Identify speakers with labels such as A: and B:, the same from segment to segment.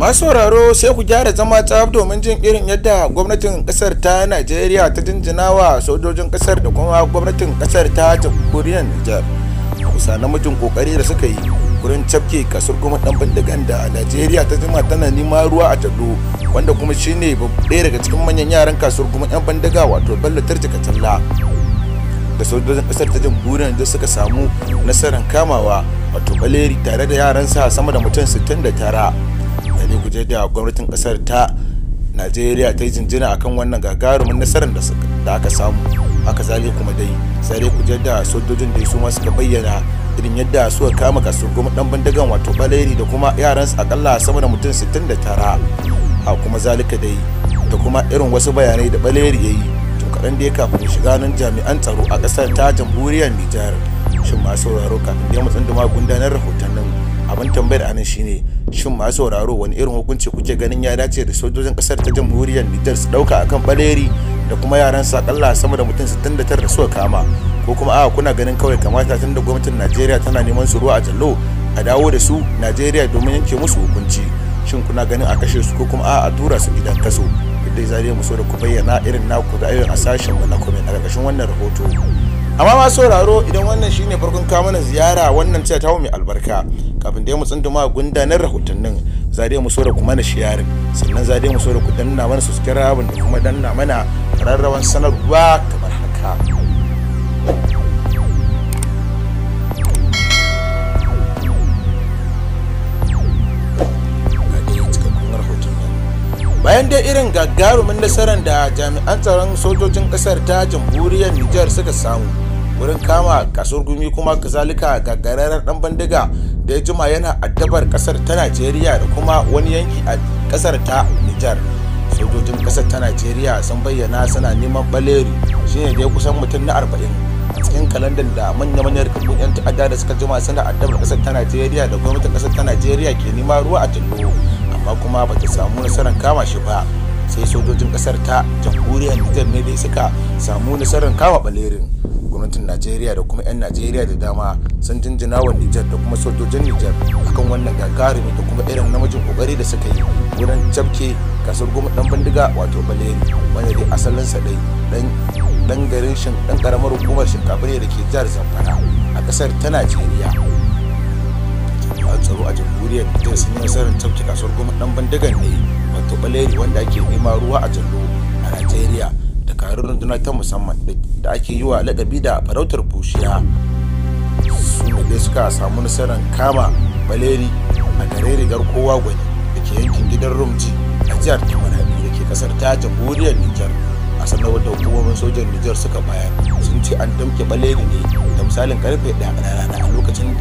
A: masu sauraro sai ku gyara zama tsaf domin jin irin yadda gwamnatin kasar ta najeriya ta jinjina wa sojojin kasar da kuma gwamnatin kasar ta jamhuriyar nijar kusa namijin kokari da suka yi gurin cafke kasar kuma dan bindigan da najeriya ta jima tana nima ruwa a tado wanda kuma shine ɗaya daga cikin manyan yaran kasuwar kuma yan bandaga wato bello tarjika talla da sojojin kasar ta jamhuriyar da suka samu nasarar kamawa wato baleri tare da yaransa sama da mutum 69 mutane ku da gwamnatin kasar ta najeriya ta yi jinjina akan wannan gagarumin nasarar da aka samu haka zale kuma dai sare dai da sojojin da su ma suka bayyana irin yadda suka kama kasu goma dan bandagan wato baleri da kuma yaransu akalla sama da mutum 69 a kuma zalika dai da kuma irin wasu bayanai da baleri ya yi to kaɗan da ya kafin shiga nan jami'an tsaro a ƙasar ta jamhuriyar nijar shin masu sauraro kafin da matsan da magundanar rahoton nan abin tambayar anan shine shin masu sauraro wani irin hukunci kuke ganin ya dace da sojojin kasar ta jamhuriyar Nijar su dauka akan baleri da kuma yaran sa kalla sama da mutum 69 da suka kama ko kuma a kuna ganin kawai kamata tun da gwamnatin Najeriya tana neman su ruwa a jallo a dawo da su Najeriya domin yanke musu hukunci shin kuna ganin a kashe su ko kuma a tura su gidan kaso dai zare mu so da ku bayyana irin naku da ayyukan a sashen wala comment a ƙarƙashin wannan rahoto amma ma sauraro idan wannan shine farkon kawo mana ziyara wannan ce ta mai albarka kafin da mu tsunduma gundanar rahotannin za dai mu so da kuma na sharing sannan za dai mu so da ku danna mana subscribe da kuma danna mana rarrawan sanarwa kamar haka bayan dai irin gagarumin nasarar da jami'an tsaron sojojin kasar ta jamhuriyar nijar suka samu wurin kama kasuwar gumi kuma kazalika gagararar dan bandiga da ya jima yana addabar kasar ta najeriya da kuma wani yanki a kasar ta nijar sojojin kasar ta najeriya sun bayyana suna neman baleri shine da kusan mutum na arba'in a cikin kalandar da manya-manyan rikakun 'yan ta'adda da suka jima suna addabar kasar ta najeriya da gwamnatin kasar ta najeriya ke neman ruwa a tullo amma kuma ba ta samu nasarar kama shi ba sai sojojin kasar ta jamhuriyar nijar ne dai suka samu nasarar kama balerin gwamnatin najeriya da kuma 'yan najeriya da dama sun jinjina wa nijar da kuma sojojin nijar akan wannan gagarin da kuma irin namijin kokari da suka yi wurin cafke kasar goma dan bindiga wato baleri wanda dai asalin sa dai dan garin shin dan karamar hukumar shinkafa ne da ke jihar zamfara a kasar ta najeriya a tsaro a jamhuriyar nijar sun yi nasarar cafke kasuwar goma dan bindigan ne wato baleri wanda ake nema ruwa a jallo a najeriya shekarun runduna ta musamman da ake yi wa lakabi da farautar bushiya su ne suka samu nasarar kama baleri a gare rigar kowa gwani da ke yankin gidan rumji a jihar tamarani da ke kasar ta jamhuriyar nijar a sanarwar da hukumomin sojan nijar suka bayar sun ce an damke baleri ne da misalin karfe da a lokacin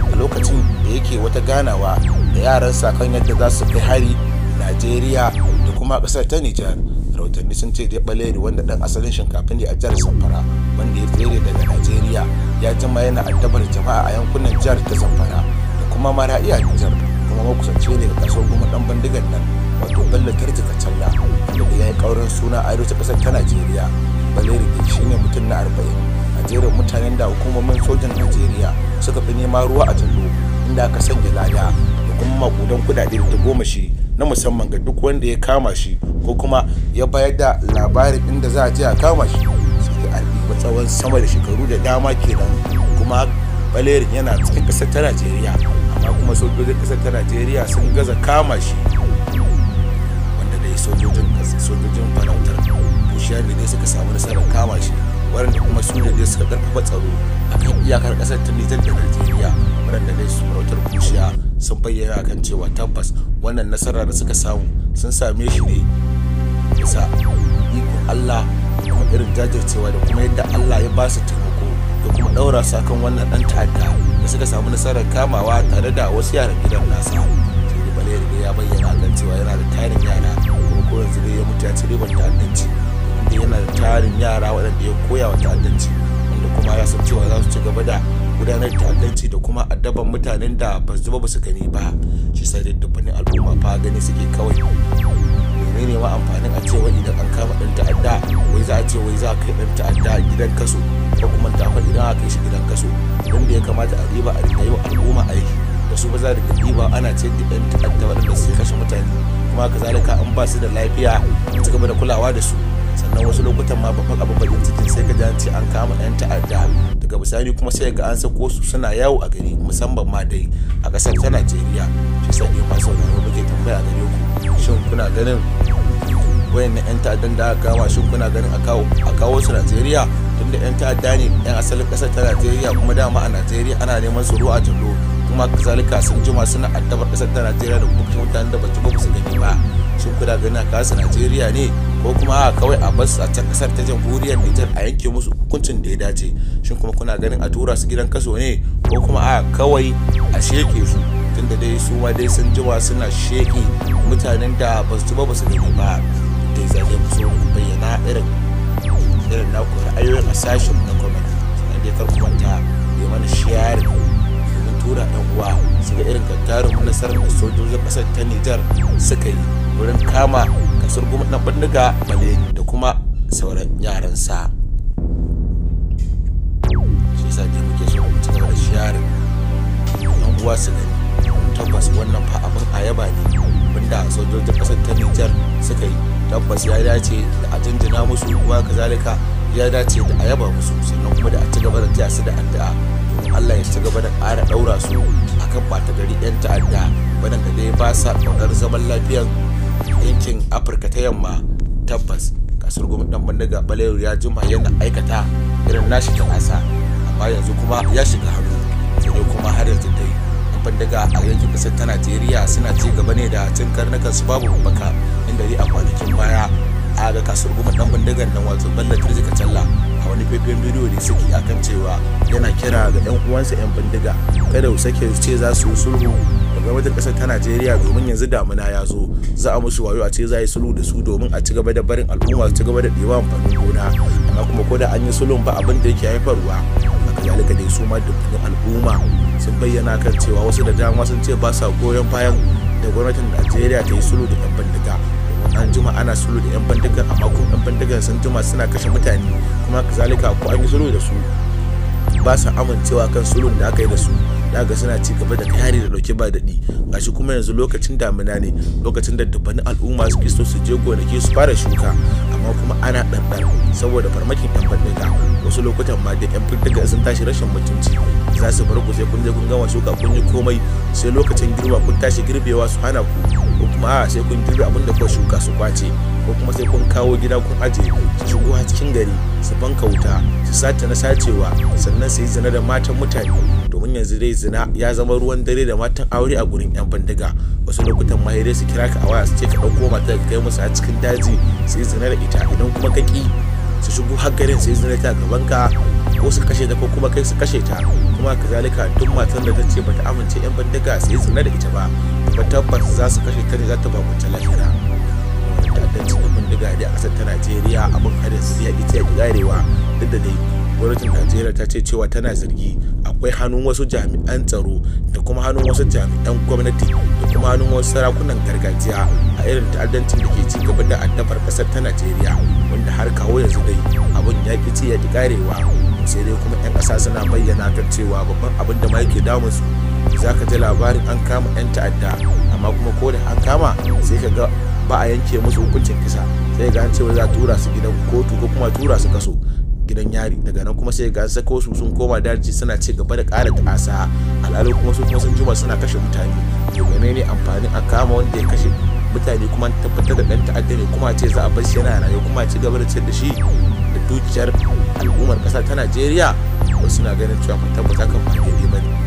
A: a lokacin da yake wata ganawa da yaran kan yadda za su kai hari najeriya da kuma kasar ta nijar rahotanni sun ce dai baleri wanda dan asalin shinkafin ne a jihar zamfara wanda ya tsere daga najeriya ya jima yana addabar jama'a a yankunan jihar ta zamfara da kuma mara'i a jihar kuma makusance ne ga kaso goma dan bindigar nan wato bello kirji kacalla wanda ya yi kaurin suna a arewacin kasar ta najeriya baleri ne shi ne mutum na arba'in a jerin mutanen da hukumomin sojan najeriya suka fi neman ruwa a jallo inda aka sanya lada da kuma don kudade da goma shi na musamman ga duk wanda ya kama shi ko kuma ya bayar da labarin inda za a je a kama shi sai an ba tsawon sama da shekaru da dama kenan kuma balerin yana cikin kasar ta najeriya amma kuma sojojin kasar ta najeriya sun gaza kama shi wanda dai sojojin sojojin farautar bushiyar ne dai suka samu nasarar kama shi waɗanda kuma su ne suka karfafa tsaro a kan iyakar kasar ta nijar da najeriya waɗanda dai su farautar bushiya sun bayyana kan cewa tabbas wannan nasara da suka samu sun same shi ne sa ikon Allah kuma irin jajircewa da kuma yadda Allah ya ba su taimako da kuma ɗaura su kan wannan dan ta'adda da suka samu nasarar kamawa tare da wasu yaran gidan nasa sai bale da ya bayyana kan cewa yana da tarin yara kuma ko yanzu dai ya mutu ya ci ribar ta'addanci inda yana da tarin yara waɗanda ya koya wa ta'addanci da kuma ya san cewa za su ci gaba da gudanar ta'addanci da kuma addaban mutanen da ba su ba su gani ba shi sai da dubbanin al'umma fa gani suke kawai menene ma amfanin a cewa idan an kama ɗan ta'adda wai za a ce wai za a kai ɗan ta'adda gidan kaso ko kuma fa idan aka kai shi gidan kaso da ya kamata a riba a riba yau al'umma aiki da su ba za da riba ana ce da ta'adda wanda suke kashe mutane kuma kazalika an ba su da lafiya su gaba da kulawa da su sannan wasu lokutan ma babban abu bakin cikin sai ka ji an kama yan ta'adda daga bisani kuma sai ga an sako su suna yawo a gari musamman ma dai a kasar ta Najeriya shi sai ne masu sauraro muke tambaya gare ku shin kuna ganin wayannan yan ta'addan da aka kama shin kuna ganin a kawo a kawo su Najeriya tunda yan ta'adda ne yan asalin kasar ta Najeriya kuma dama a Najeriya ana neman su ruwa a jallo kuma kazalika sun jima suna addabar kasar ta Najeriya da kuma mutanen da ba su gani ba shin kuna ganin a kasa najeriya ne ko kuma a kawai a bas a kasar ta jamhuriyar nijar a yanke musu hukuncin da ya dace shin kuma kuna ganin a tura su gidan kaso ne ko kuma a kawai a sheke su tunda dai su ma dai sun jima suna sheke mutanen da ba su ba ba su gani ba da za mu bayyana irin irin naku ra'ayoyin a sashen na comment sannan dai kar ku manta yi mana tura ɗan uwa su ga irin gagarumin nasarar da sojojin ƙasar ta Nijar suka yi wurin kama kasar gwamnatin bindiga Male da kuma sauran yaransa. Shi sa dai muke so mu tsara shari'a dan ɗan uwa su ga tabbas wannan fa abin ayaba ne wanda sojojin ƙasar ta Nijar suka yi tabbas ya dace da a jinjina musu kuma kazalika ya dace da a yaba musu sannan kuma da a ci gaba da taya su da addu'a allah ya ci gaba da ƙara ɗaura su akan ɓata gari 'yan ta'adda da dai ba sa ƙaunar zaman lafiyan yankin afirka ta yamma tabbas kasar gwamnatin bandaga Balewu ya jima yana aikata irin nashi ta'asa amma yanzu kuma ya shiga hannu sai kuma har yanzu dai bandaga a yankin kasar ta najeriya suna ci gaba ne da cin karnukan su babu mafaka inda dai a kwanakin baya a ga kasar gwamnatin bandagan nan wato balla turjika talla a wani faifin bidiyo da suke a akan cewa yana kira ga 'yan uwansa 'yan bindiga kada su sake ce za su sulhu ga gwamnatin kasar ta najeriya domin yanzu damuna ya zo za a musu wayo a ce za a yi sulhu da su domin a ci gaba da barin al'umma su ci gaba da ɗewa amfanin gona amma kuma ko da an yi sulhun ba abin da yake haifarwa yalika dai su ma dukkanin al'umma sun bayyana kan cewa wasu da dama sun ce ba sa goyon bayan da gwamnatin najeriya ta yi sulhu da 'yan bindiga an jima ana sulhu da 'yan bindiga amma kuma 'yan bindigan sun jima suna kashe mutane kuma kazalika ko an yi sulhu da su ba sa amincewa kan sulhun da aka yi da su daga suna ci gaba da kare da dauke ba daɗi gashi kuma yanzu lokacin damina ne lokacin da dubbanin al'umma su kisto su je gonaki su fara shuka amma kuma ana ɗanɗan saboda farmakin ɗan bandiga wasu lokutan ma da 'yan bindiga sun tashi rashin mutunci za su bar ku sai kun je kun gama shuka kun yi komai sai lokacin girba kun tashi girbewa su hana ku ko kuma a sai kun girbe abin da kuka shuka su kwace ko kuma sai kun kawo gida kun aje su shigo a cikin gari su banka wuta su sace na sacewa sannan su yi zina da matan mutane domin yanzu dai zina ya zama ruwan dare da matan aure a gurin yan bandiga wasu lokutan mahirai su kira ka a waya su ce ka ɗauko mata ka kai musu a cikin daji su yi zina da ita idan kuma ka ki su shigo har garin su izina ta gaban ka ko su kashe ta ko kuma kai su kashe ta kuma kazalika duk matan da ta ce bata amince yan bandiga su yi zina da ita ba ba tabbas za su kashe ta ne za ta ba mace lafiya ta'addancin yan bandiga da asar ta najeriya abin harin su ya ita ya garewa duk da dai gwamnatin najeriya ta ce cewa tana zargi akwai hannun wasu jami'an tsaro da kuma hannun wasu jami'an gwamnati da kuma hannun wasu sarakunan gargajiya a irin ta'addancin da ke ci gaba da addabar kasar ta najeriya wanda har kawo yanzu dai abun ya fi ya ki karewa sai dai kuma 'yan ƙasa suna bayyana ta cewa babban abin da ma yake damun su za ka ji labarin an kama 'yan ta'adda amma kuma ko da an kama sai ka ga ba a yanke musu hukuncin kisa sai ga cewa za a tura su gidan kotu ko kuma tura su kaso gidan yari daga nan kuma sai ga sako su sun koma daji suna ci gaba da ƙara ta'asa al'adu kuma su kuma sun juma suna kashe mutane to ne amfanin a kama wanda ya kashe mutane kuma tabbatar da ɗan ta'adda ne kuma ce za a bar shi yana rayu kuma ci gaba da ciyar da shi da dukiyar al'ummar ƙasa ta najeriya wasu na ganin cewa tabbata kan ba daidai ba ne